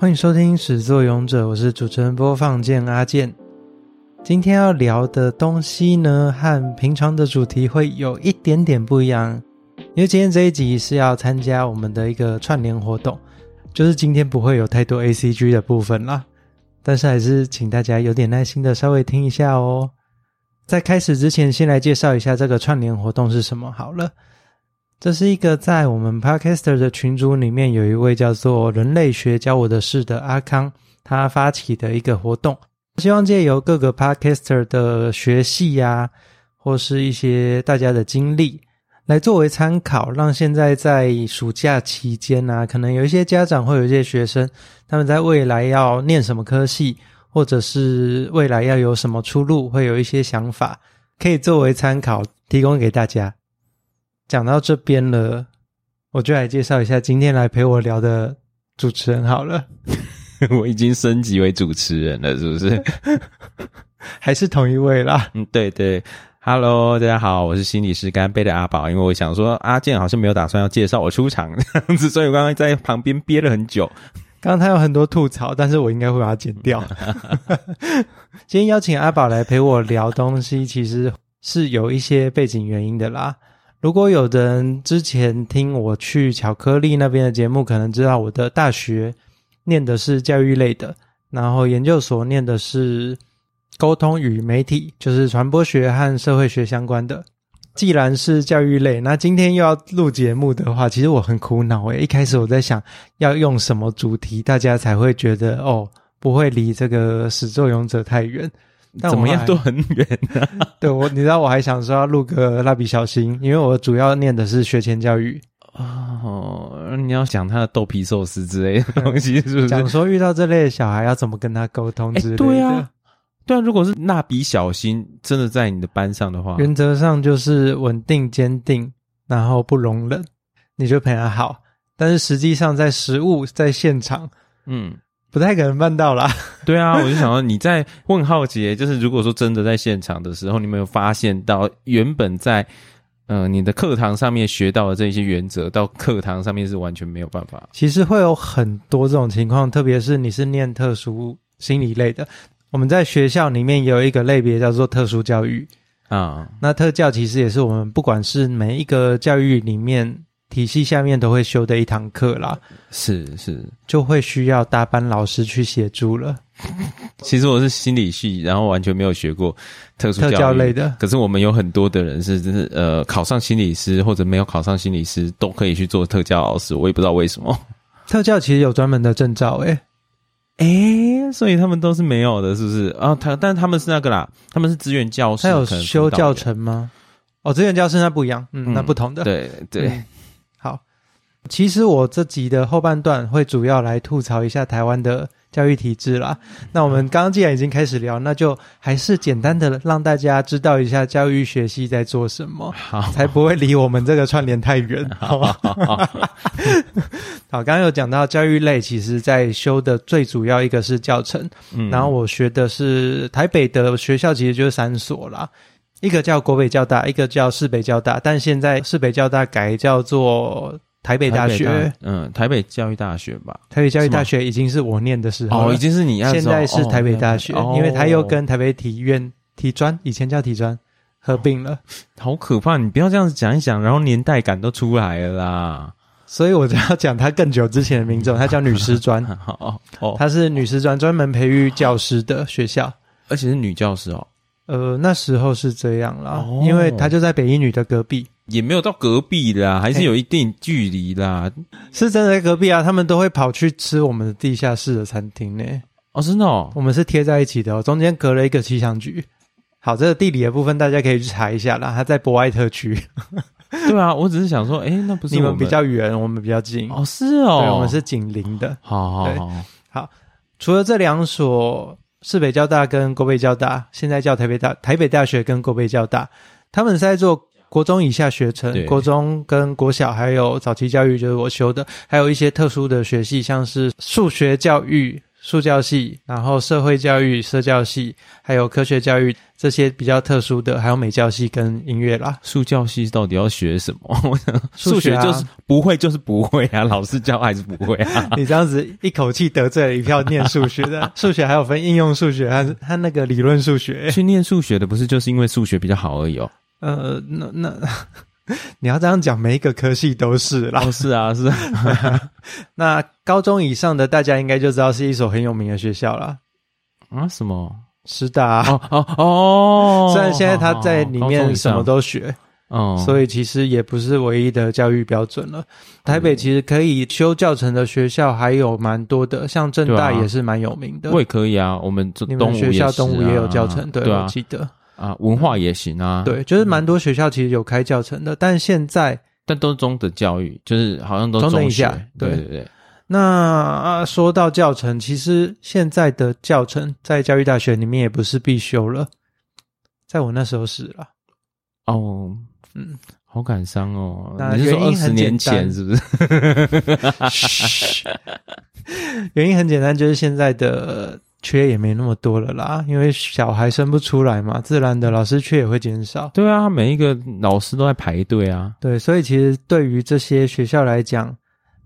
歡迎收聽《屎作勇者》，我是主持人，播放鍵阿鍵。今天要聊的東西呢，和平常的主題會有一點點不一樣，因為今天這一集是要參加我們的一個串聯活動，就是今天不會有太多 A C G 的部分啦，但是還是請大家有點耐心的稍微聽一下哦。在開始之前，先來介紹一下這個串聯活動是什麼好了。這是一個在我們 Podcaster 的群組裡面，有一位叫做《人類學教我的事》的阿康，他發起的一個活動，希望借由各個 Podcaster 的學系呀、啊，或是一些大家的經歷，來作為參考，讓現在在暑假期間啊，可能有一些家長或有一些學生，他們在未來要念什麼科系，或者是未來要有什麼出路，會有一些想法，可以作為參考提供給大家。講到這邊了，我就來介紹一下今天來陪我聊的主持人好了。 我已經升級為主持人了，是不是？ 還是同一位啦？嗯，對對。Hello，大家好，我是心理師乾杯的阿寶。因為我想說，阿健好像沒有打算要介紹我出場這樣子，所以我剛剛在旁邊憋了很久。剛剛他有很多吐槽，但是我應該會把它剪掉。 今天邀請阿寶來陪我聊東西，其實是有一些背景原因的啦。如果有人之前聽我去巧克力那邊的節目，可能知道我的大學念的是教育類的，然後研究所念的是溝通與媒體，就是傳播學和社會學相關的。既然是教育類，那今天又要錄節目的話，其實我很苦惱誒，一開始我在想要用什麼主題，大家才會覺得哦，不會離這個屎作勇者太遠。但怎麼樣都很遠呢，啊？ 對我，你知道我還想說要錄個蠟筆小新，因為我主要念的是學前教育，哦，你要想他的豆皮壽司之類的東西，是不是？講，嗯、說遇到這類的小孩要怎麼跟他溝通之類的，欸、對啊？對啊，如果是蠟筆小新真的在你的班上的話，原則上就是穩定、堅定，然後不容忍，你就陪他好。但是實際上在實物在現場，嗯。不太可能辦到啦。對啊，我就想說你在問號節， 就是如果說真的在現場的時候，你沒有發現到原本在嗯、呃、你的課堂上面學到的這一些原則，到課堂上面是完全沒有辦法。其實會有很多這種情況，特別是你是念特殊心理類的，我們在學校裡面有一個類別叫做特殊教育啊。嗯、那特教其實也是我們不管是每一個教育裡面。體系下面都會修的一堂課啦，是是，是就會需要大班老師去協助了。其實我是心理系，然後完全沒有學過特殊教育特教類的。可是我們有很多的人是，真是呃，考上心理師或者沒有考上心理師都可以去做特教老師。我也不知道為什麼，特教其實有專門的證照、欸，誒誒、欸、所以他們都是沒有的，是不是啊？他但他們是那個啦，他們是資源教師，他有修教程嗎？哦，資源教師那不一樣，嗯，嗯那不同的，對對。對其實我這集的後半段會主要來吐槽一下台灣的教育體製啦。那我們剛剛既然已經開始聊，那就還是簡單的讓大家知道一下教育學系在做什麼，才不會離我們這個串聯太遠。好， 好，剛剛有講到教育類，其實在修的最主要一個是教程，嗯，然後我學的是台北的學校，其實就是三所啦，一個叫國北教大，一個叫市北教大，但現在市北教大改叫做。台北大學北大，嗯，台北教育大學吧。台北教育大學已經是我念的時候，oh, 已經是你現在是台北大學，oh, 因為它又跟台北體院、體專以前叫體專合併了，oh, 好可怕！你不要這樣子講一講，然後年代感都出來了啦。 所以我就要講它更久之前的名字它、嗯、叫女師專。好 哦，它、哦、是女師專，專門培育教師的學校，而且是女教師哦。呃，那時候是這樣啦，oh. 因為他就在北一女的隔壁。也沒有到隔壁啦，還是有一定距離啦、欸。是真的在隔壁啊，他們都會跑去吃我們的地下室的餐廳呢。哦，是哦，我們是貼在一起的哦，中間隔了一個氣象局。好，這個地理的部分大家可以去查一下啦。它在博愛特區。 對啊，我只是想說，誒、欸、那不是我們你們比較遠，我們比較近。哦，是哦，對我們是緊鄰的。好，好，好對，好。除了這兩所，市北教大跟國北教大，現在叫台北大，台北大學跟國北教大，他們是在做。國中以下學程，對國中跟國小還有早期教育就是我修的，還有一些特殊的學系，像是數學教育、數教系，然後社會教育、社教系，還有科學教育這些比較特殊的，還有美教系跟音樂啦。數教系到底要學什麼？數學啊。數學就是不會就是不會啊，老師教還是不會啊？ 你這樣子一口氣得罪了一票念數學的，數 學還有分應用數學還是他那個理論數學？去念數學的不是就是因為數學比較好而已哦？呃，那那你要這樣講，每一個科系都是老師啊，是。那高中以上的大家應該就知道是一所很有名的學校了。啊？什麼師大？哦哦，雖然現在他在裡面什麼都學，哦，所以其實也不是唯一的教育標準了。台北其實可以修教程的學校還有蠻多的，像政大也是蠻有名的。我也可以啊，我們東東吳也是東吳也有教程，對我記得。啊，文化也行啊，對，就是蠻多學校其實有開教程的，嗯、但現在但都是中等教育，就是好像都中，中的一下，對對對。那啊，說到教程，其實現在的教程在教育大學裡面也不是必修了，在我那時候是啦。哦，嗯，好感傷哦，那你是二十年前是不是？噓噓。原因很簡單，就是現在的。缺也沒那麼多了啦，因為小孩生不出來嘛，自然的老師缺也會減少。對啊，他每一個老師都在排隊啊。對，所以其實對於這些學校來講，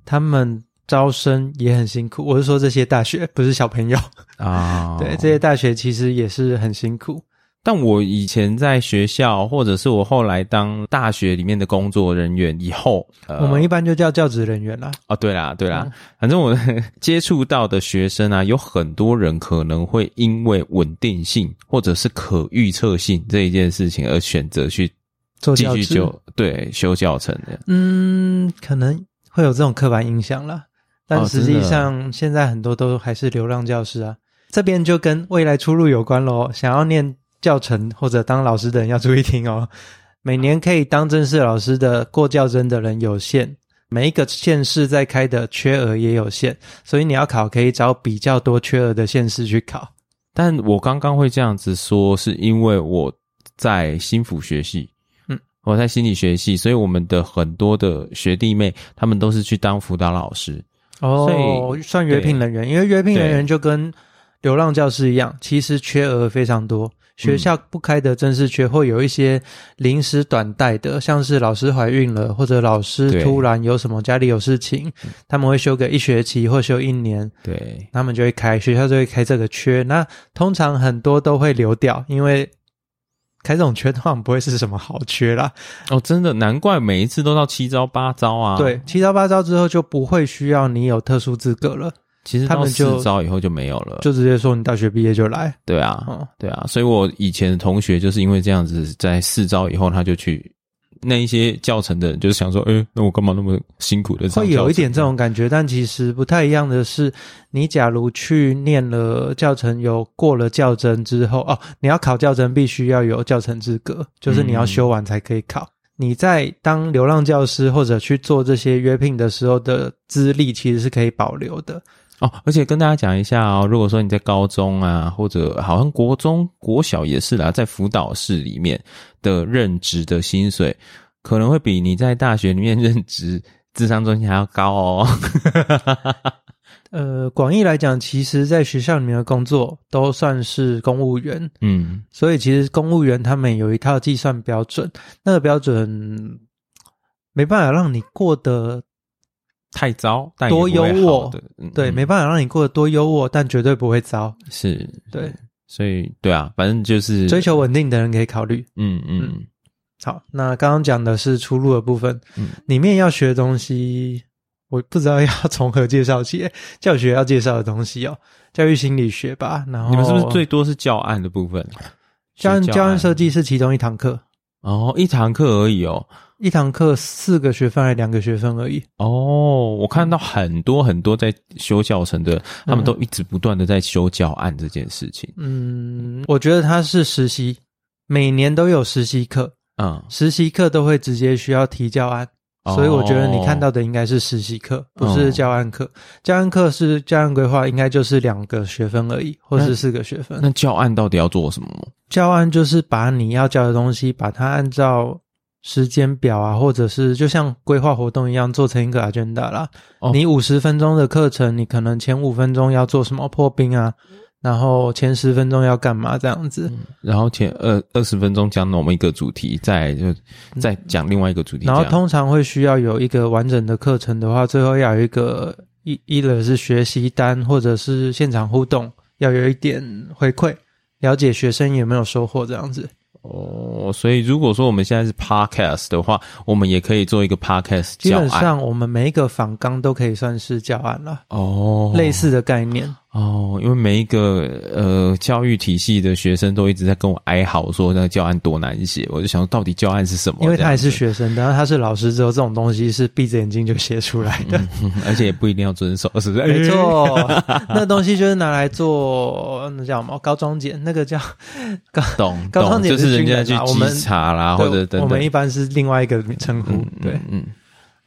他們招生也很辛苦。我是說這些大學，不是小朋友啊。哦、 對，這些大學其實也是很辛苦。但我以前在學校，或者是我後來當大學裡面的工作人員以後，呃、我們一般就叫教職人員啦。哦，對啦，對啦，嗯、反正我接觸到的學生啊，有很多人可能會因為穩定性或者是可預測性這一件事情而選擇去做繼續修對修教程的。嗯，可能會有這種刻板印象啦，但實際上現在很多都還是流浪教師啊。哦、這邊就跟未來出路有關嘍，想要念。教程或者當老師的人要注意聽哦。每年可以當正式老師的過教甄的人有限，每一個縣市在開的缺額也有限，所以你要考可以找比較多缺額的縣市去考。但我剛剛會這樣子說，是因為我在心輔學系，嗯，我在心理學系，所以我們的很多的學弟妹他們都是去當輔導老師，哦，所以算約聘人員，對因為約聘人員就跟流浪教師一樣，對其實缺額非常多。學校不開的正式缺，會有一些臨時短代的。嗯、像是老師懷孕了，或者老師突然有什麼家裡有事情，對他們會休個一學期或休一年，對，他們就會開，學校就會開這個缺。那通常很多都會流掉，因為開這種缺的話，不會是什麼好缺啦。哦，真的，難怪每一次都到七招八招啊！對，七招八招之後就不會需要你有特殊資格了。其實他們就四招以後，就沒有了，就，就直接說你大學畢業就來。對啊，對啊。所以我以前的同學就是因為這樣子，在四招以後他就去那一些教程的人，就是想說，哎、欸，那我幹嘛那麼辛苦的？會有一點這種感覺，但其實不太一樣的是，你假如去念了教程，有過了教甄之後，哦，你要考教甄必須要有教程資格，就是你要修完才可以考。嗯、你在當流浪教師或者去做這些約聘的時候的資歷，其實是可以保留的。哦，而且跟大家講一下哦，如果說你在高中啊，或者好像國中國小也是啦，在輔導室裡面的任職的薪水，可能會比你在大學裡面任職諮商中心還要高哦。 呃，廣義來講，其實在學校裡面的工作都算是公務員，嗯，所以其實公務員他們有一套計算標準，那個標準沒辦法讓你過得，太糟，但多優渥，對，嗯、沒辦法讓你過得多優渥，但絕對不會糟，是對，所以對啊，反正就是追求穩定的人可以考慮，嗯嗯，嗯，好，那剛剛講的是出路的部分，嗯，裡面要學的東西，我不知道要從何介紹起，教學要介紹的東西哦，教育心理學吧，然後你們是不是最多是教案的部分？教，教案教案設計是其中一堂課，哦，一堂課而已哦。一堂課四個學分還是兩個學分而已？哦，我看到很多很多在修教程的，他們都一直不斷的在修教案這件事情。嗯，我覺得他是實習，每年都有實習課啊，實習課都會直接需要提教案，嗯、所以我覺得你看到的應該是實習課，哦、不是教案課。教案課是教案規劃，應該就是兩個學分而已，或是四個學分。那，那教案到底要做什麼？教案就是把你要教的東西，把它按照時間表啊，或者是就像規劃活動一樣，做成一個 agenda 啦。Oh, 你五十分鐘的課程，你可能前五分鐘要做什麼破冰啊，然後前十分鐘要幹嘛這樣子，嗯、然後前二二十分鐘講某一個主題，再就再講另外一個主題、嗯。然後通常會需要有一個完整的課程的話，最後要有一個一一類是學習單，或者是現場互動，要有一點回饋，了解學生有沒有收穫這樣子。哦，所以如果說我們現在是 podcast 的話，我們也可以做一個 podcast 教案。基本上，我們每一個訪綱都可以算是教案了。哦，類似的概念。哦，因為每一個呃教育體系的學生都一直在跟我哀嚎說那個教案多難寫，我就想說到底教案是什麼？因為他還是學生，當然對他是老師之後，這種東西是閉着眼睛就寫出來的，嗯，而且也不一定要遵守，是不是？沒錯，嗯， 那東西就是拿來做那叫什麼？高中檢那個叫高高，懂懂高中檢是，是人家在去稽查啦，們或者等等對。我們一般是另外一個稱呼，嗯，對嗯。嗯，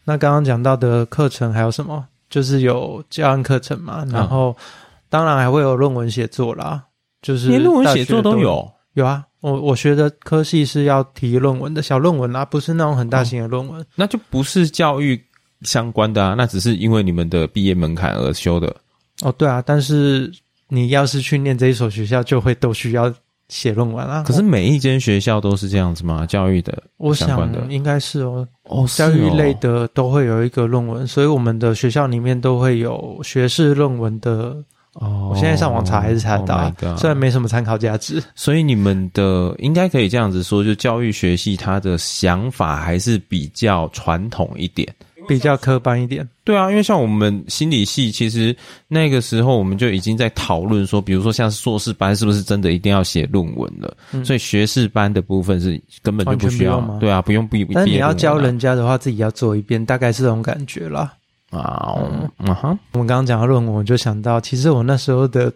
那剛剛講到的課程還有什麼？就是有教案課程嘛，然後。嗯當然還會有論文寫作啦，就是連論文寫作都有有啊。我我學的科系是要提論文的小論文啦，啊，不是那種很大型的論文、嗯。那就不是教育相關的啊，那只是因為你們的畢業門檻而修的。哦，對啊，但是你要是去念這一所學校，就會都需要寫論文啊。可是每一間學校都是這樣子嗎？教育的，的我想的應該是哦哦，是哦。教育類的都會有一個論文，所以我們的學校裡面都會有學士論文的。哦，oh, 我現在上網查還是查得到，啊，oh，雖然沒什麼參考價值。所以你們的應該可以這樣子說，就教育學系它的想法還是比較傳統一點，比較科班一點。對啊，因為像我們心理系，其實那個時候我們就已經在討論說，比如說像碩士班是不是真的一定要寫論文了？嗯、所以學士班的部分是根本就不需要。要嗎？對啊，不用畢、啊，但你要教人家的話，自己要做一遍，大概是這種感覺啦。啊、嗯，嗯哼，嗯，我們剛剛講到論文，我就想到，其實我那時候的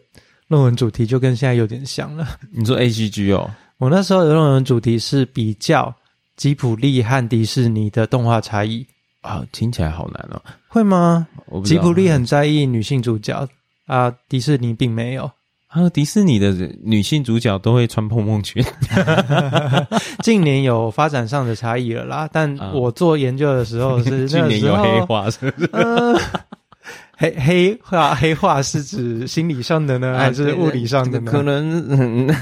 論文主題就跟現在有點像了。你說 A G G 哦，我那時候的論文主題是比較吉普力和迪士尼的動畫差異。啊、哦，聽起來好難哦，會嗎？吉普力很在意女性主角、嗯、啊，迪士尼並沒有。啊，迪士尼的女性主角都會穿蓬蓬裙。近年有發展上的差異了啦，但我做研究的時候是時候。近、嗯、年有黑化是不是？ 嗯、黑黑化黑化是指心理上的呢，還是物理上的呢？哎這個、可能。嗯、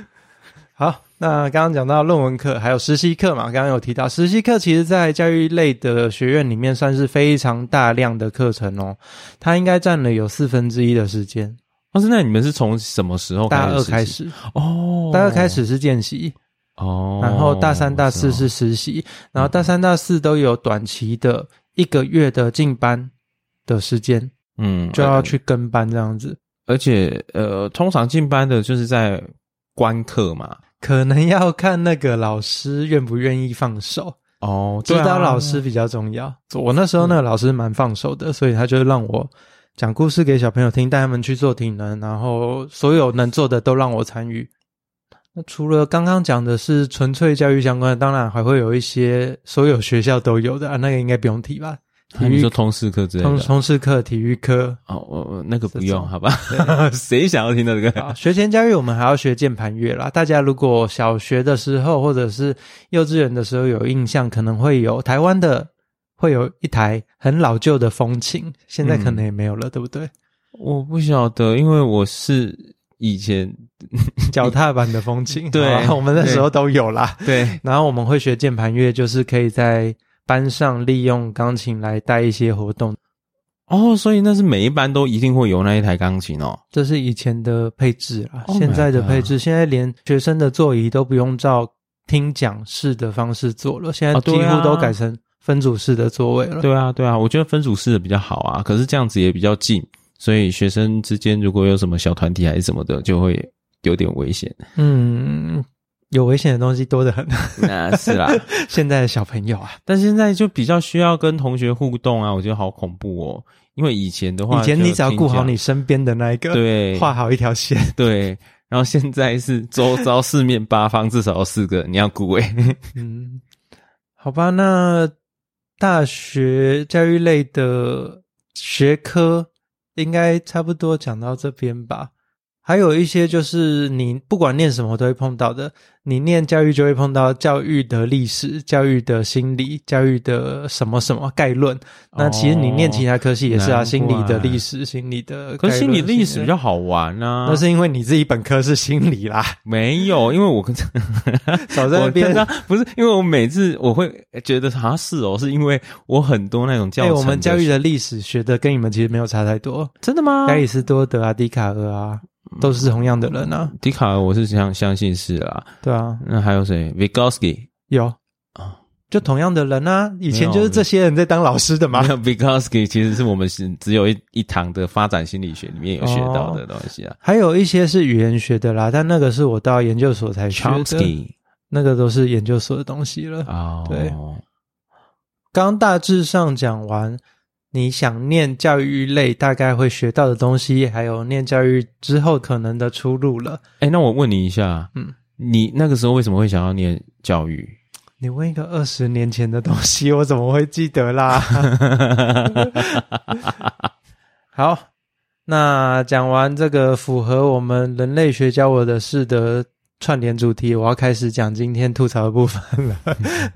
好，那剛剛講到論文課，還有實習課嘛？剛剛有提到實習課，其實在教育類的學院裡面算是非常大量的課程哦，它應該佔了有四分之一的時間。但、哦、是那你們是從什麼時候開始時？大二開始哦，大二開始是見習哦，然後大三、大四是實習，哦、然後大三、大四都有短期的一個月的進班的時間，嗯，就要去跟班這樣子。嗯 okay、而且呃，通常進班的就是在觀課嘛，可能要看那個老師願不願意放手哦，指導老師比較重要。嗯、我那時候那個老師蠻放手的，嗯、所以他就會讓我。講故事給小朋友聽，帶他們去做體能，然後所有能做的都讓我參與。那除了剛剛講的是純粹教育相關的，當然還會有一些所有學校都有的，啊，那個應該不用提吧？體育、啊、說通識課之類的，通通識課、體育課。哦，我、呃、那個不用，這好吧？ 誰想要聽到、那、這個、啊？學前教育我們還要學鍵盤樂啦，大家如果小學的時候或者是幼稚園的時候有印象，可能會有台灣的。會有一台很老舊的風琴，現在可能也沒有了，嗯、對不對？我不曉得，因為我是以前腳踏板的風琴， 對，我們那時候都有啦。對，對然後我們會學鍵盤樂，就是可以在班上利用鋼琴來帶一些活動。哦，所以那是每一班都一定會有那一台鋼琴哦。這是以前的配置啦。Oh、現在的配置，God 現在連學生的座椅都不用照聽講式的方式坐了，現在幾乎都改成、哦。分組式的座位了，對啊，對啊，我覺得分組式的比較好啊。可是這樣子也比較近，所以學生之間如果有什麼小團體還是什麼的，就會有點危險。嗯，有危險的東西多得很。啊是啦，現在的小朋友啊，但現在就比較需要跟同學互動啊。我覺得好恐怖哦，因為以前的話，以前你只要顧好你身邊的那一個，對，畫好一條線，對。然後現在是周遭四面八方 至少要四個，你要顧欸。嗯， 好吧，那。大學教育類的學科應該差不多講到這邊吧。還有一些就是你不管念什麼都會碰到的。你念教育就會碰到教育的歷史、教育的心理、教育的什麼什麼概論。哦、那其實你念其他科系也是啊，怪心理的歷史、心理的概論。可是心理歷史比較好玩啊，那是因為你自己本科是心理啦。沒有，因為我， 我跟少在我邊上不是，因為我每次我會覺得好像、啊、是哦，是因為我很多那種教育。我們教育的歷史學的跟你們其實沒有差太多，真的嗎？亞里士多德啊，笛卡爾啊。都是同樣的人呢、啊，笛卡兒我是相相信是啦、啊。對啊，那還有誰？Vygotsky 有啊，哦、就同樣的人啊，以前就是這些人在當老師的嘛。Vygotsky 其實是我們是只有一一堂的發展心理學裡面有學到的東西啊、哦。還有一些是語言學的啦，但那個是我到研究所才學的，那個都是研究所的東西了啊。哦、對，剛大致上講完。你想念教育類，大概會學到的東西，還有念教育之後可能的出路了。哎、欸，那我問你一下，嗯，你那個時候為什麼會想要念教育？你問一個二十年前的東西，我怎麼會記得啦？ 好，那講完這個，符合我們人類學教我的事的串聯主題，我要開始講今天吐槽的部分了，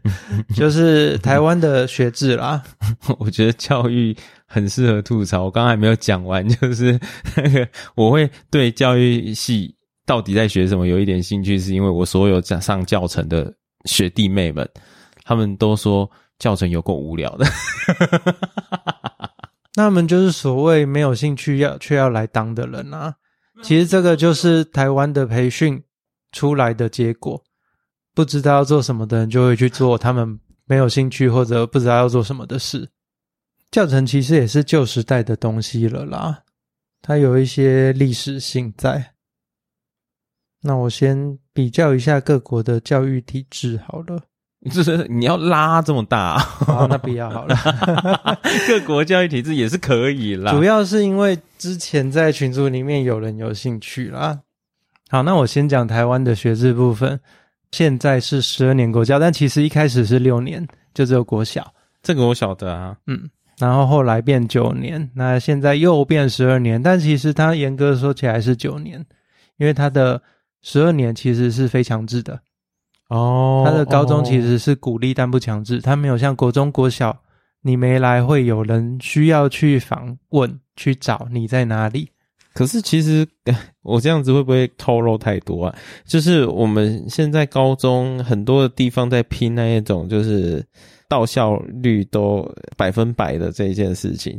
就是台灣的學制啦。 我覺得教育很適合吐槽。我剛才還沒有講完，就是那個我會對教育系到底在學什麼有一點興趣，是因為我所有上教程的學弟妹們，他們都說教程有夠無聊的。 那麼就是所謂沒有興趣要卻要來當的人啦、啊。其實這個就是台灣的培訓。出來的結果，不知道要做什麼的人就會去做他們沒有興趣或者不知道要做什麼的事。教程其實也是舊時代的東西了啦，它有一些歷史性在。那我先比較一下各國的教育體制好了。就是你要拉這麼大，啊 好，那不要好了。 各國教育體制也是可以啦，主要是因為之前在群組裡面有人有興趣啦。好，那我先講台灣的學制部分。現在是十二年國教，但其實一開始是六年，就只有國小。這個我曉得啊，嗯。然後後來變九年，那現在又變十二年，但其實它嚴格說起來是九年，因為它的十二年其實是非強制的。哦，他的高中其實是鼓勵、哦、但不強制，他沒有像國中、國小，你沒來會有人需要去訪問去找你在哪裡。可是其實我這樣子會不會透露太多啊？就是我們現在高中很多的地方在拼那一種，就是到校率都百分百的這件事情，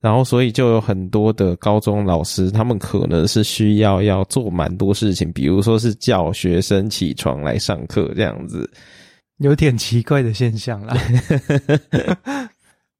然後所以就有很多的高中老師，他們可能是需要要做蠻多事情，比如說是叫學生起床來上課這樣子，有點奇怪的現象啦。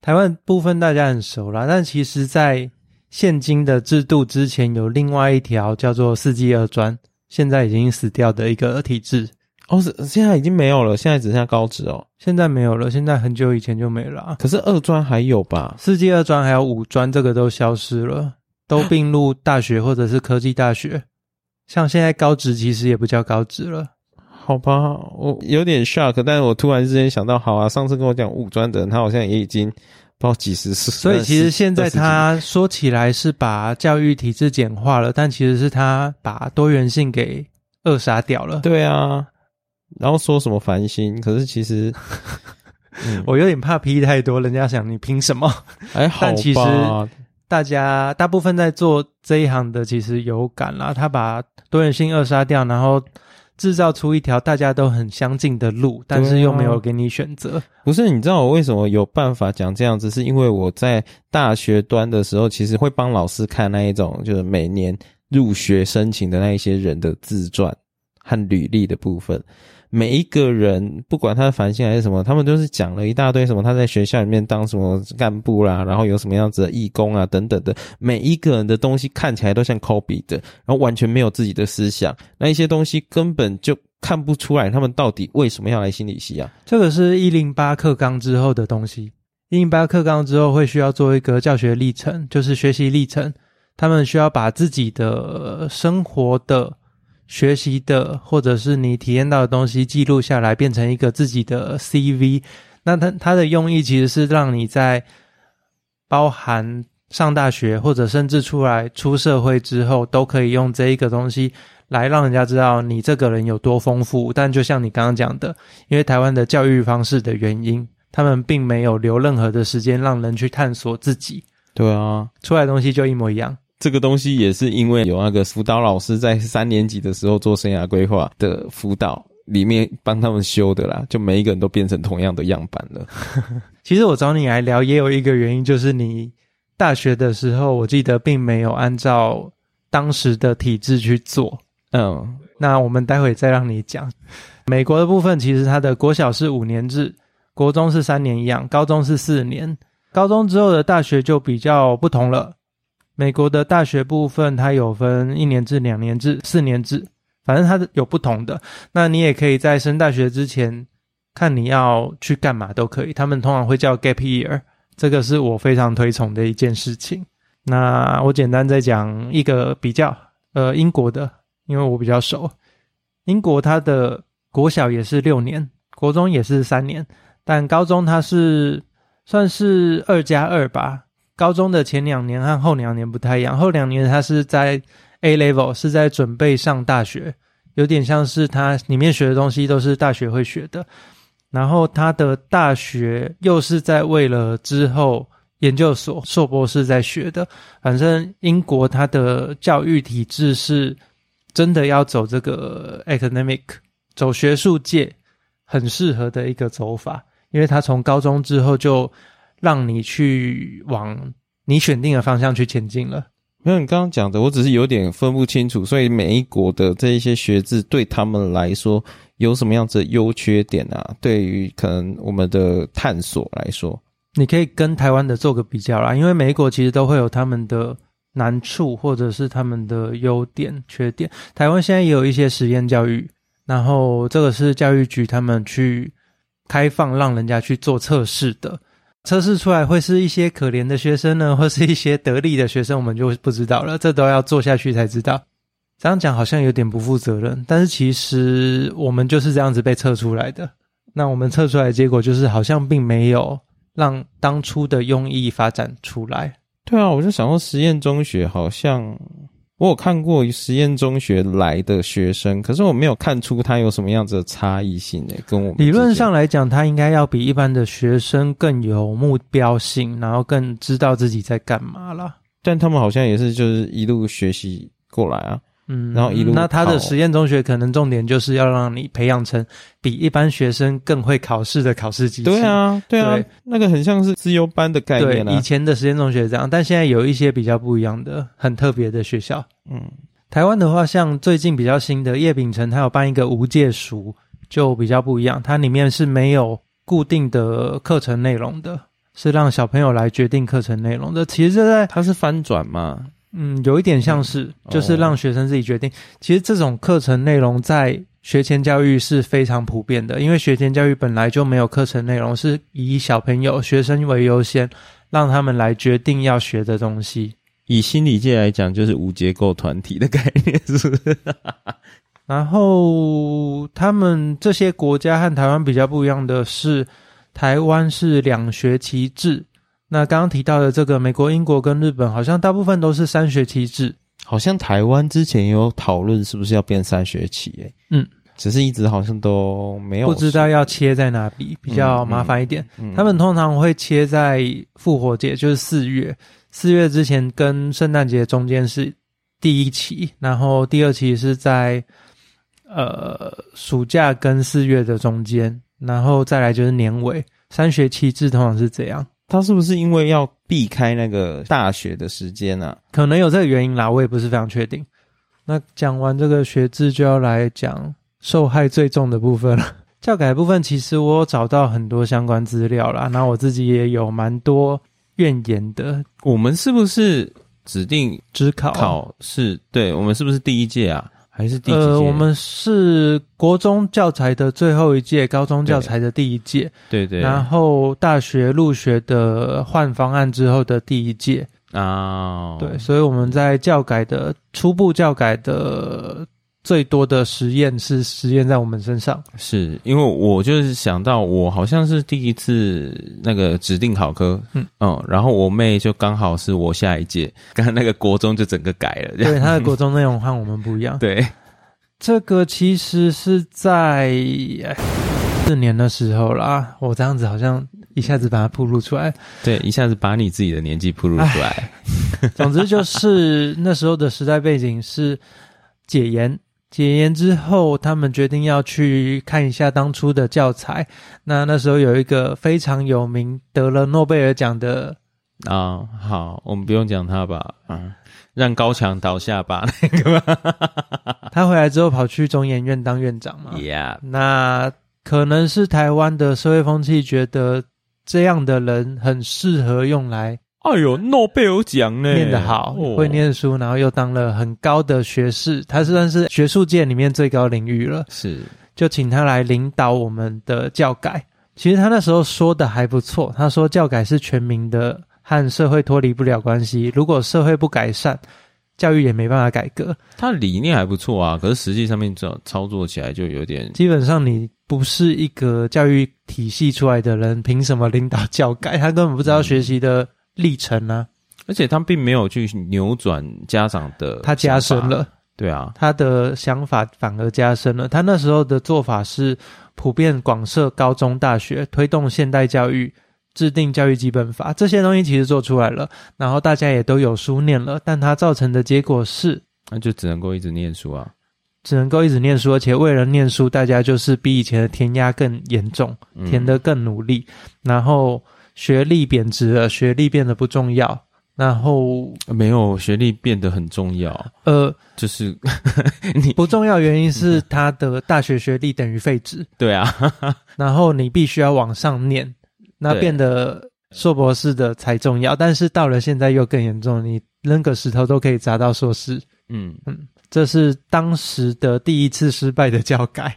台灣部分大家很熟啦，但其實在，在現今的制度之前有另外一條叫做“四技二專”，現在已經死掉的一個二體制哦,是現在已經沒有了，現在只剩下高職哦，現在沒有了，現在很久以前就沒了啊。可是二專還有吧？四技二專還有五專，這個都消失了，都併入大學或者是科技大學。 像現在高職其實也不叫高職了，好吧，我有點 shock，但是我突然之間想到，好啊，上次跟我講五專的人，他好像也已經。不知道幾時，所以其實現在他說起來是把教育體制簡化了，但其實是他把多元性給扼殺掉了。對啊，然後說什麼繁星，可是其實 、嗯、我有點怕批太多，人家想你憑什麼？哎、欸，好吧，但其實大家大部分在做這一行的，其實有感啦，他把多元性扼殺掉，然後。製造出一條大家都很相近的路，但是又沒有給你選擇。對啊。不是，你知道我為什麼有辦法講這樣子？是因為我在大學端的時候，其實會幫老師看那一種，就是每年入學申請的那一些人的自傳和履歷的部分。每一個人，不管他的繁星還是什麼，他們都是講了一大堆什麼。他在學校裡面當什麼幹部啦、啊，然後有什麼樣子的義工啊，等等的。每一個人的東西看起來都像 copy 的，然後完全沒有自己的思想。那一些東西根本就看不出來，他們到底為什麼要來心理系啊？這個是一零八課綱之後的東西。一零八課綱之後會需要做一個教學歷程，就是學習歷程。他們需要把自己的、呃、生活的。學習的或者是你體驗到的東西記錄下來，變成一個自己的 CV。那它它的用意其實是讓你在包含上大學或者甚至出來出社會之後，都可以用這一個東西來讓人家知道你這個人有多豐富。但就像你剛剛講的，因為台灣的教育方式的原因，他們並沒有留任何的時間讓人去探索自己。對啊，出來的東西就一模一樣。這個東西也是因為有那個輔導老師在三年級的時候做生涯規劃的輔導，裡面幫他們修的啦，就每一個人都變成同樣的樣板了。其實我找你來聊也有一個原因，就是你大學的時候我記得並沒有按照當時的體制去做。嗯，那我們待會再讓你講。美國的部分其實它的國小是五年制，國中是三年一樣，高中是四年，高中之後的大學就比較不同了。美國的大學部分，它有分一年制、兩年制、四年制，反正它是有不同的。那你也可以在升大學之前，看你要去幹嘛都可以。他們通常會叫 gap year，這個是我非常推崇的一件事情。那我簡單再講一個比較，呃，英國的，因為我比較熟。英國它的國小也是六年，國中也是三年，但高中它是算是二加二吧。高中的前兩年和後兩年不太一樣，後兩年他是在 A-Level，是在準備上大學，有點像是他裡面學的東西都是大學會學的。然後他的大學又是在為了之後研究所、碩博士在學的。反正英國他的教育體制是真的要走這個 academic，走學術界很適合的一個走法，因為他從高中之後就，讓你去往你選定的方向去前進了。沒有，你剛剛講的，我只是有點分不清楚，所以每一國的這些學制對他們來說有什麼樣子的優缺點啊？對於可能我們的探索來說，你可以跟台灣的做個比較啦。因為每一國其實都會有他們的難處或者是他們的優點缺點。台灣現在也有一些實驗教育，然後這個是教育局他們去開放讓人家去做測試的。測試出來會是一些可憐的學生呢，或是一些得力的學生，我們就不知道了。這都要做下去才知道。這樣講好像有點不負責任，但是其實我們就是這樣子被測出來的。那我們測出來的結果就是，好像並沒有讓當初的用意發展出來。對啊，我就想說，實驗中學好像。我有看過實驗中學來的學生，可是我沒有看出他有什麼樣子的差異性誒。跟我理論上來講，他應該要比一般的學生更有目標性，然後更知道自己在幹嘛啦。但他們好像也是就是一路學習過來啊。嗯，然後一路，那他的實驗中學可能重點就是要讓你培養成比一般學生更會考試的考試機器。對啊，對啊，對那個很像是資優班的概念啊。對以前的實驗中學這樣，但現在有一些比較不一樣的、很特別的學校。嗯，台灣的話，像最近比較新的葉秉成，他有辦一個無界塾，就比較不一樣。它裡面是沒有固定的課程內容的，是讓小朋友來決定課程內容的。其實在它是翻轉嘛？嗯，有一點像是，嗯、就是讓學生自己決定。哦、其實這種課程內容在學前教育是非常普遍的，因為學前教育本來就沒有課程內容，是以小朋友學生為優先，讓他們來決定要學的東西。以心理界來講，就是無結構團體的概念，是不是？ 然後他們這些國家和台灣比較不一樣的是，台灣是兩學期制。那剛剛提到的這個美國、英國跟日本，好像大部分都是三學期制。好像臺灣之前也有討論，是不是要變三學期、欸？哎，嗯，只是一直好像都沒有，不知道要切在哪裡，比較麻煩一點。嗯嗯嗯、他們通常會切在復活節，就是四月。四月之前跟聖誕節中間是第一期，然後第二期是在呃暑假跟四月的中間，然後再來就是年尾。三學期制通常是這樣。他是不是因為要避開那個大學的時間啊？可能有這個原因啦、啊，我也不是非常確定。那講完這個學制，就要來講受害最重的部分了。教改的部分，其實我找到很多相關資料啦，那我自己也有蠻多怨言的。我們是不是指定指考，考？考試？對，我們是不是第一屆啊？還是第一呃，我們是國中教材的最後一屆，高中教材的第一屆，對，對對，然後大學入學的換方案之後的第一屆啊，哦、對，所以我們在教改的初步教改的。最多的實驗是實驗在我們身上，是因為我就是想到我好像是第一次那個指定考科，嗯嗯，然後我妹就剛好是我下一屆，才剛剛那個國中就整個改了，對，他的國中內容和我們不一樣，對，這個其實是在四、哎、年的時候啦，我這樣子好像一下子把它鋪露出來，對，一下子把你自己的年紀鋪露出來，總之就是 那時候的時代背景是解嚴。解嚴之後，他們決定要去看一下當初的教材。那那時候有一個非常有名、得了諾貝爾獎的啊，好，我們不用講他吧。啊，讓高牆倒下吧。那個，他回來之後跑去中研院當院長嘛。Yeah，那可能是台灣的社會風氣覺得這樣的人很適合用來。哎呦，諾貝爾獎呢？念得好，哦、會念書，然後又當了很高的學士，他算是學術界裡面最高領域了。是，就請他來領導我們的教改。其實他那時候說的還不錯，他說教改是全民的，和社會脫離不了關係。如果社會不改善，教育也沒辦法改革。他理念還不錯啊，可是實際上面這種操作起來就有點……基本上你不是一個教育體系出來的人，憑什麼領導教改？他根本不知道學習的。嗯歷程呢、啊？而且他並沒有去扭轉家長的，他加深了，對啊，他的想法反而加深了。他那時候的做法是普遍廣設高中大學，推動現代教育，制定教育基本法，這些東西其實做出來了，然後大家也都有書念了。但他造成的結果是，那就只能夠一直念書啊，只能夠一直念書，而且為了念書，大家就是比以前的填鴨更嚴重，填得更努力，嗯、然後。學歷貶值了，學歷變得不重要。然後沒有學歷變得很重要。呃，就是 你不重要原因是他的大學學歷等於廢紙。對啊， 然後你必須要往上念，那變得碩博士的才重要。對但是到了現在又更嚴重，你扔個石頭都可以砸到碩士。嗯嗯，這是當時的第一次失敗的教改。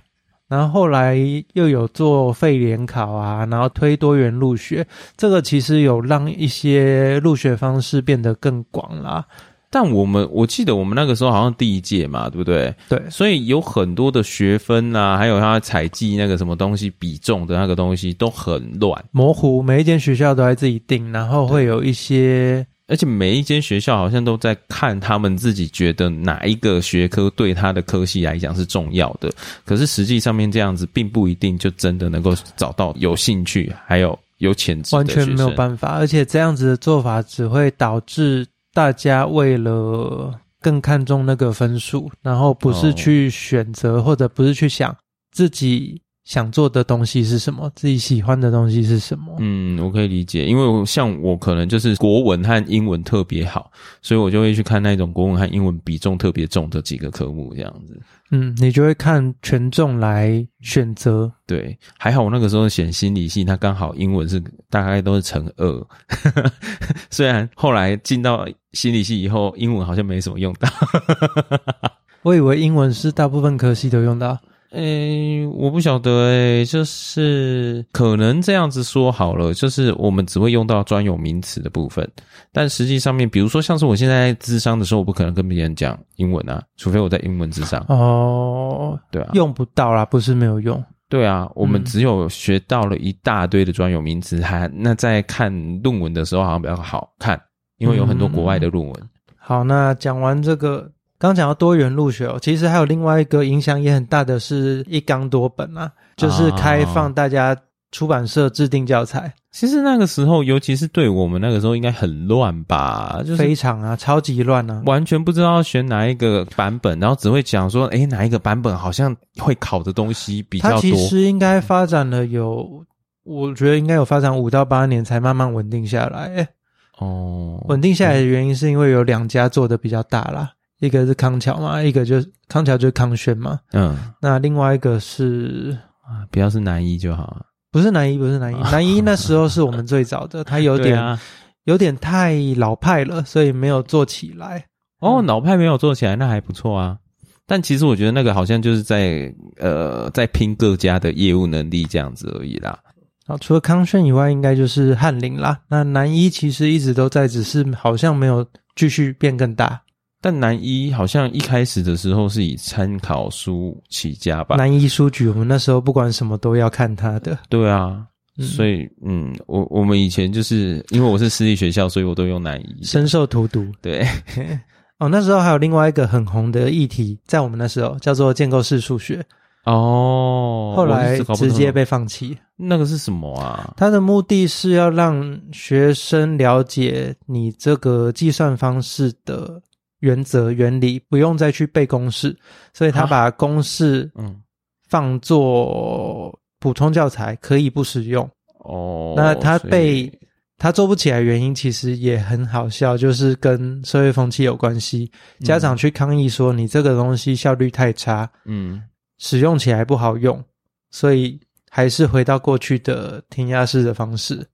然後後來又有做廢聯考啊，然後推多元入學，這個其實有讓一些入學方式變得更廣啦。但我們我記得我們那個時候好像第一屆嘛，對不對？對，所以有很多的學分啊，還有他採計那個什麼東西比重的那個東西都很亂，模糊，每一間學校都在自己訂，然後會有一些。而且每一間學校好像都在看他們自己覺得哪一個學科對他的科系來講是重要的，可是實際上面這樣子並不一定就真的能夠找到有興趣還有有潛質的學生。完全沒有辦法，而且這樣子的做法只會導致大家為了更看重那個分數，然後不是去選擇，或者不是去想自己想做的東西是什麼？自己喜歡的東西是什麼？嗯，我可以理解，因為像我可能就是國文和英文特別好，所以我就會去看那種國文和英文比重特別重的幾個科目這樣子。嗯，你就會看權重來選擇。對，還好我那個時候選心理系，它剛好英文是大概都是乘二。雖然後來進到心理系以後，英文好像沒什麼用到。 我以為英文是大部分科系都用到。哎、欸，我不曉得哎、欸，就是可能這樣子說好了，就是我們只會用到專有名詞的部分，但實際上面，比如說像是我現在在諮商的時候，我不可能跟別人講英文啊，除非我在英文諮商哦，對啊，用不到啦，不是沒有用，對啊，我們只有學到了一大堆的專有名詞，還、嗯、那在看論文的時候好像比較好看，因為有很多國外的論文、嗯。好，那講完這個。剛講到多元入學哦，其實還有另外一個影響也很大的是“一綱多本”啊，就是開放大家出版社制定教材、啊。其實那個時候，尤其是對我們那個時候，應該很亂吧？就是、非常啊，超級亂啊，完全不知道選哪一個版本，然後只會講說，哎，哪一個版本好像會考的東西比較多。它其實應該發展了有，我覺得應該有發展五到八年才慢慢穩定下來誒。哦，穩定下來的原因是因為有兩家做的比較大啦。一個是康橋嘛，一個就是康橋就是康軒嘛，嗯，那另外一個是啊，不要是南一就好啊，不是南一，不是南一，啊、南一那時候是我們最早的，啊、他有點、對啊、有點太老派了，所以沒有做起來。哦，老派沒有做起來，那還不錯啊。但其實我覺得那個好像就是在呃在拼各家的業務能力這樣子而已啦。好，除了康軒以外，應該就是翰林啦。那南一其實一直都在，只是好像沒有繼續變更大。但南一好像一開始的時候是以參考書起家吧？南一書局，我們那時候不管什麼都要看他的。對啊，所以嗯，嗯，我我們以前就是因為我是私立學校，所以我都用南一，深受荼毒。對 哦，那時候還有另外一個很紅的議題，在我們那時候叫做建構式數學哦，後來直接被放棄。那個是什麼啊？它的目的是要讓學生了解你這個計算方式的原則、原理不用再去背公式，所以他把公式嗯放作普通教材，啊，嗯、可以不使用哦。那他被，所以他做不起來原因，其實也很好笑，就是跟社會風氣有關係。家長去抗議說，你這個東西效率太差，嗯，使用起來不好用，所以還是回到過去的填鴨式的方式。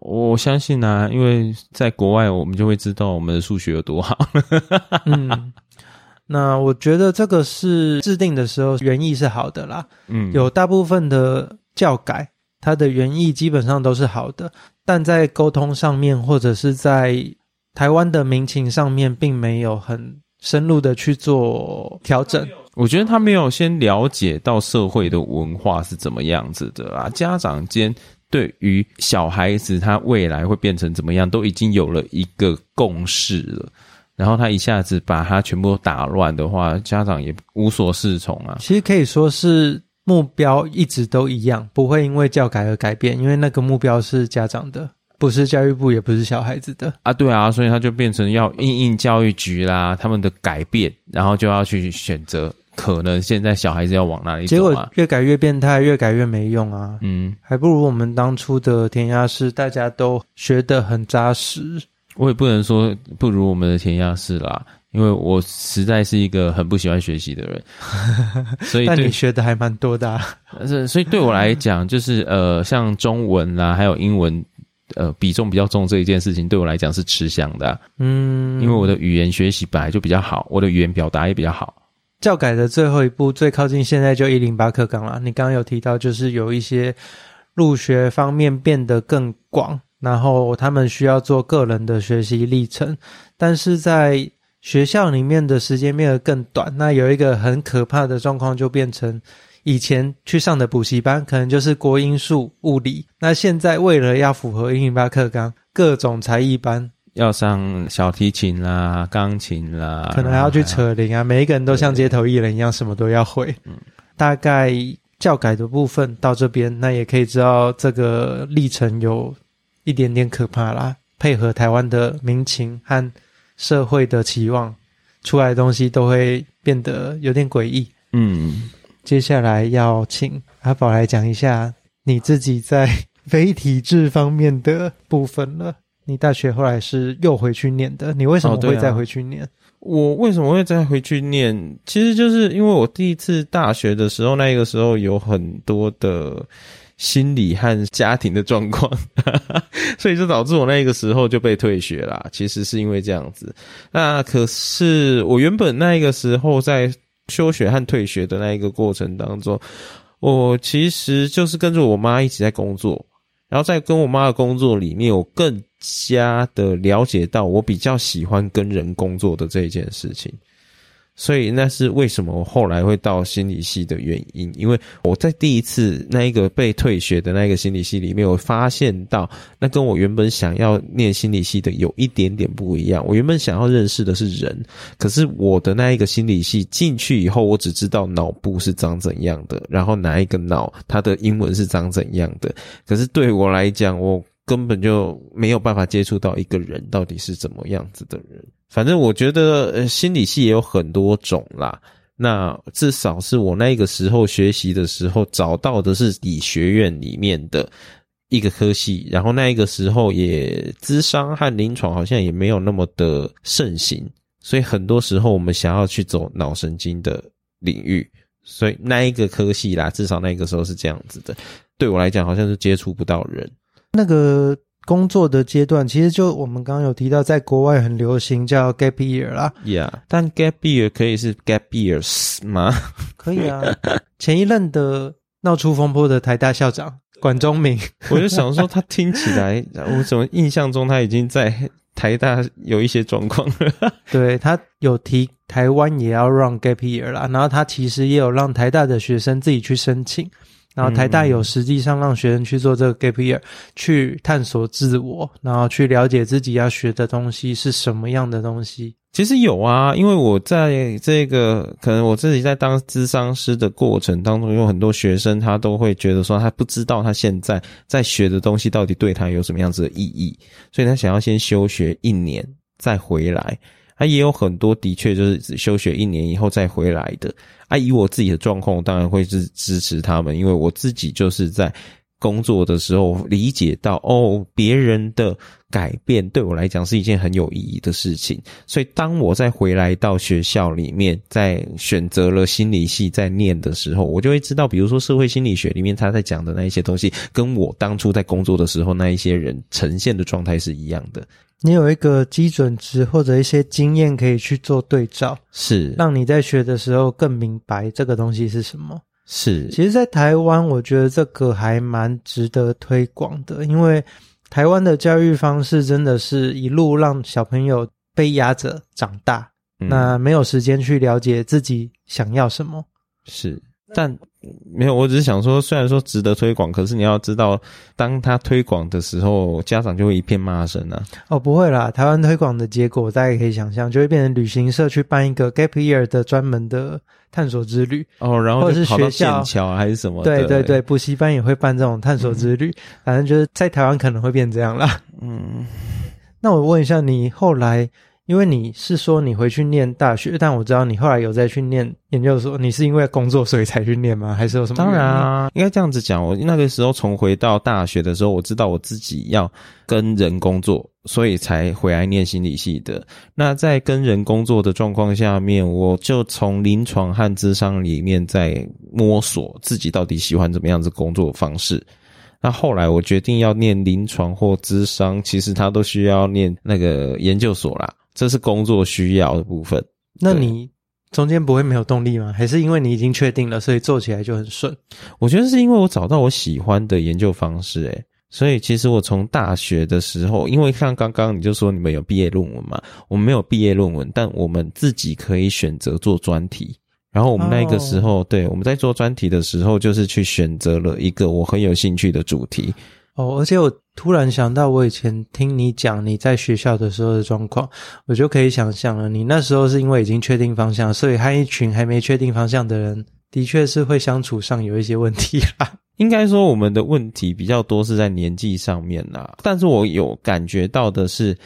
我相信啊，因為在國外，我們就會知道我們的數學有多好。 嗯，那我覺得這個是制定的時候原意是好的啦。嗯，有大部分的教改，它的原意基本上都是好的，但在溝通上面或者是在台灣的民情上面，並沒有很深入的去做調整。我覺得他沒有先了解到社會的文化是怎麼樣子的啦、啊，家長間。對於小孩子，他未來會變成怎麼樣，都已經有了一個共識了。然後他一下子把他全部打亂的話，家長也無所適從啊。其實可以說是目標一直都一樣，不會因為教改而改變，因為那個目標是家長的，不是教育部，也不是小孩子的啊。對啊，所以他就變成要因應教育局啦，他們的改變，然後就要去選擇，可能現在小孩子要往那裡走啊，結果，越改越變態，越改越沒用啊！嗯，還不如我們當初的填鴨式，大家都學得很扎實。我也不能說不如我們的填鴨式啦，因為我實在是一個很不喜歡學習的人， 所以，但你學的還蠻多的啊。是，所以對我來講，就是呃，像中文啦、啊，還有英文，呃，比重比較重這一件事情，對我來講是吃香的啊。嗯，因為我的語言學習本來就比較好，我的語言表達也比較好。教改的最後一步，最靠近現在就一零八課綱了。你剛剛有提到，就是有一些入學方面變得更廣，然後他們需要做個人的學習歷程，但是在學校裡面的時間變得更短。那有一個很可怕的狀況，就變成以前去上的補習班，可能就是國英數物理，那現在為了要符合一零八課綱，各種才藝班。要上小提琴啦，鋼琴啦，可能還要去扯鈴啊！啊每一個人都像街頭藝人一樣，什麼都要會。對大概教改的部分到這邊，那也可以知道這個歷程有一點點可怕啦。配合台灣的民情和社會的期望，出來的東西都會變得有點詭異。嗯，接下來要請阿寶來講一下你自己在非體制方面的部分了。你大學後來是又回去念的，你為什麼會再回去念？哦對啊，我為什麼會再回去念？其實就是因為我第一次大學的時候，那個時候有很多的心理和家庭的狀況， 所以就導致我那個時候就被退學了。其實是因為這樣子。那可是我原本那個時候在休學和退學的那一個過程當中，我其實就是跟着我媽一起在工作。然後在跟我媽的工作裡面，我更加的了解到，我比較喜歡跟人工作的這一件事情。所以那是為什麼我後來會到心理系的原因，因為我在第一次那一個被退學的那個心理系裡面，我發現到那跟我原本想要念心理系的有一點點不一樣。我原本想要認識的是人，可是我的那一個心理系進去以後，我只知道腦部是長怎樣的，然後哪一個腦它的英文是長怎樣的。可是對我來講，我根本就沒有辦法接觸到一個人到底是怎麼樣子的人。反正我覺得心理系也有很多種啦。那至少是我那個時候學習的時候找到的是理學院裡面的一個科系。然後那一個時候也諮商和臨床好像也沒有那麼的盛行，所以很多時候我們想要去走腦神經的領域。所以那一個科系啦，至少那個時候是這樣子的。對我來講，好像是接觸不到人。那個工作的階段，其實就我們剛剛有提到，在國外很流行叫 gap year 啦。Yeah，但 gap year 可以是 gap years 嗎？可以啊。 前一任的鬧出風波的台大校長管中閔，我就想說他聽起來， 我怎麼印象中他已經在台大有一些狀況了。 對，他有提台灣也要讓 gap year 啦，然後他其實也有讓台大的學生自己去申請。然後台大有實際上讓學生去做這個 gap year，嗯，去探索自我，然後去了解自己要學的東西是什麼樣的東西。其實有啊，因為我在這個可能我自己在當諮商師的過程當中，有很多學生他都會覺得說他不知道他現在在學的東西到底對他有什麼樣子的意義，所以他想要先休學一年再回來。他也有很多的確就是休學一年以後再回來的啊，以我自己的狀況，當然會支持他們，因為我自己就是在。工作的時候，理解到哦，別人的改變對我來講是一件很有意義的事情。所以，當我再回來到學校裡面，再選擇了心理系在念的時候，我就會知道，比如說社會心理學裡面他在講的那一些東西，跟我當初在工作的時候那一些人呈現的狀態是一樣的。你有一個基準值或者一些經驗可以去做對照，是讓你在學的時候更明白這個東西是什麼。是，其實，在台灣，我覺得這個還蠻值得推廣的，因為台灣的教育方式真的是一路讓小朋友被壓着長大，嗯、那沒有時間去了解自己想要什麼。是。但沒有，我只是想說，雖然說值得推廣，可是你要知道，當他推廣的時候，家長就會一片罵聲啊。哦，不會啦，台灣推廣的結果，大家也可以想象，就會變成旅行社去辦一個 Gap Year 的專門的探索之旅。哦，然後或者是學校劍橋還是什麼的、欸？對對對，補習班也會辦這種探索之旅，嗯、反正就是在台灣可能會變這樣啦。嗯，那我問一下你後來。因為你是說你回去念大學，但我知道你後來有再去念研究所。你是因為工作所以才去念嗎？還是有什麼？當然啊，應該這樣子講。我那個時候重回到大學的時候，我知道我自己要跟人工作，所以才回來念心理系的。那在跟人工作的狀況下面，我就從臨床和諮商裡面在摸索自己到底喜歡怎麼樣子工作的方式。那後來我決定要念臨床或諮商，其實他都需要念那個研究所啦。這是工作需要的部分，那你中間不會沒有動力嗎？還是因為你已經確定了，所以做起來就很順？我覺得是因為我找到我喜歡的研究方式，誒。所以其實我從大學的時候，因為像剛剛你就說你們有畢業論文嘛，我們沒有畢業論文，但我們自己可以選擇做專題。然後我們那個時候，oh. 對我們在做專題的時候，就是去選擇了一個我很有興趣的主題。哦，而且我突然想到，我以前聽你講你在學校的時候的狀況，我就可以想象了。你那時候是因為已經確定方向，所以和一群還沒確定方向的人，的確是會相處上有一些問題啦。應該說，我們的問題比較多是在年紀上面啦。但是我有感覺到的是，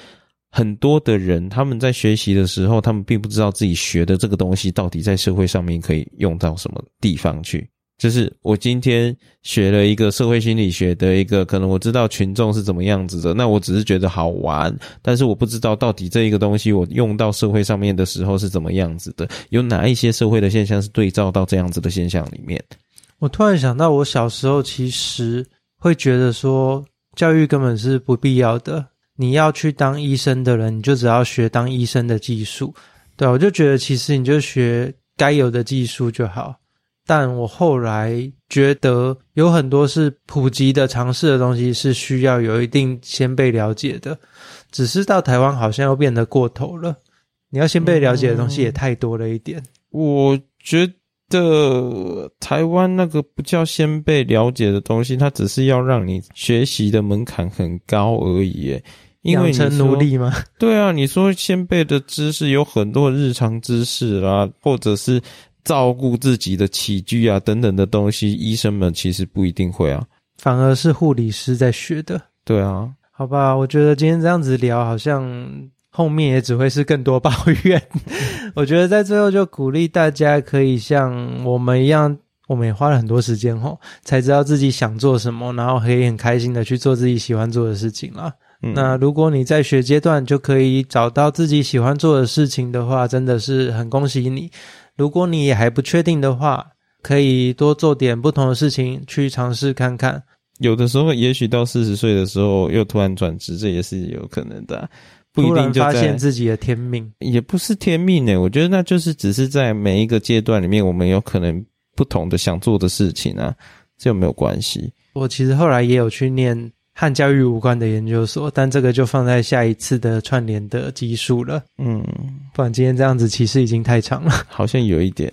很多的人他們在學習的時候，他們並不知道自己學的這個東西到底在社會上面可以用到什麼地方去。就是我今天學了一個社會心理學的一個，可能我知道群眾是怎麼樣子的，那我只是覺得好玩，但是我不知道到底這一個東西我用到社會上面的時候是怎麼樣子的，有哪一些社會的現象是對照到這樣子的現象裡面。我突然想到，我小時候其實會覺得說，教育根本是不必要的。你要去當醫生的人，你就只要學當醫生的技術。對，我就覺得其實你就學該有的技術就好。但我後來覺得有很多是普及的、嘗試的東西是需要有一定先備了解的，只是到台灣好像又變得過頭了。你要先備了解的東西也太多了一點。嗯、我覺得台灣那個不叫先備了解的東西，它只是要讓你學習的門檻很高而已。因為養成奴隸嗎？對啊，你說先備的知識有很多日常知識啦，或者是。照顧自己的起居啊，等等的東西，醫生們其實不一定會啊，反而是護理師在學的。對啊，好吧，我覺得今天這樣子聊，好像後面也只會是更多抱怨。 我覺得在最後就鼓勵大家可以像我們一樣，我們也花了很多時間吼，才知道自己想做什麼，然後可以很開心的去做自己喜歡做的事情了。嗯，那如果你在學階段就可以找到自己喜歡做的事情的話，真的是很恭喜你。如果你也還不確定的話，可以多做點不同的事情去嘗試看看。有的時候，也許到四十歲的時候又突然轉職，這也是有可能的啊，不一定就發現自己的天命。也不是天命呢，我覺得那就是只是在每一個階段裡面，我們有可能不同的想做的事情啊，這又沒有關係。我其實後來也有去念。和教育無關的研究所，但這個就放在下一次的串聯的基數了。嗯，不然今天這樣子其實已經太長了，好像有一點。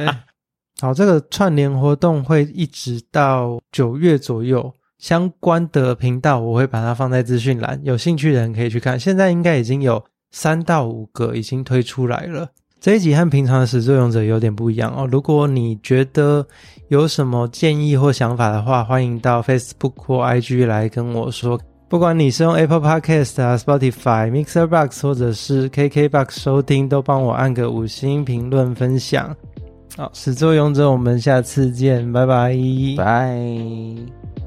好，這個串聯活動會一直到九月左右，相關的頻道我會把它放在資訊欄，有興趣的人可以去看。現在應該已經有三到五個已經推出來了。這一集和平常的屎作勇者有點不一樣哦。如果你覺得，有什麼建議或想法的話，歡迎到 Facebook 或 IG 來跟我說。不管你是用 Apple Podcast、啊、Spotify、Mixer Box 或者是 KKBOX 收聽，都幫我按個五星評論分享。好，屎作勇者，我們下次見，拜拜，拜。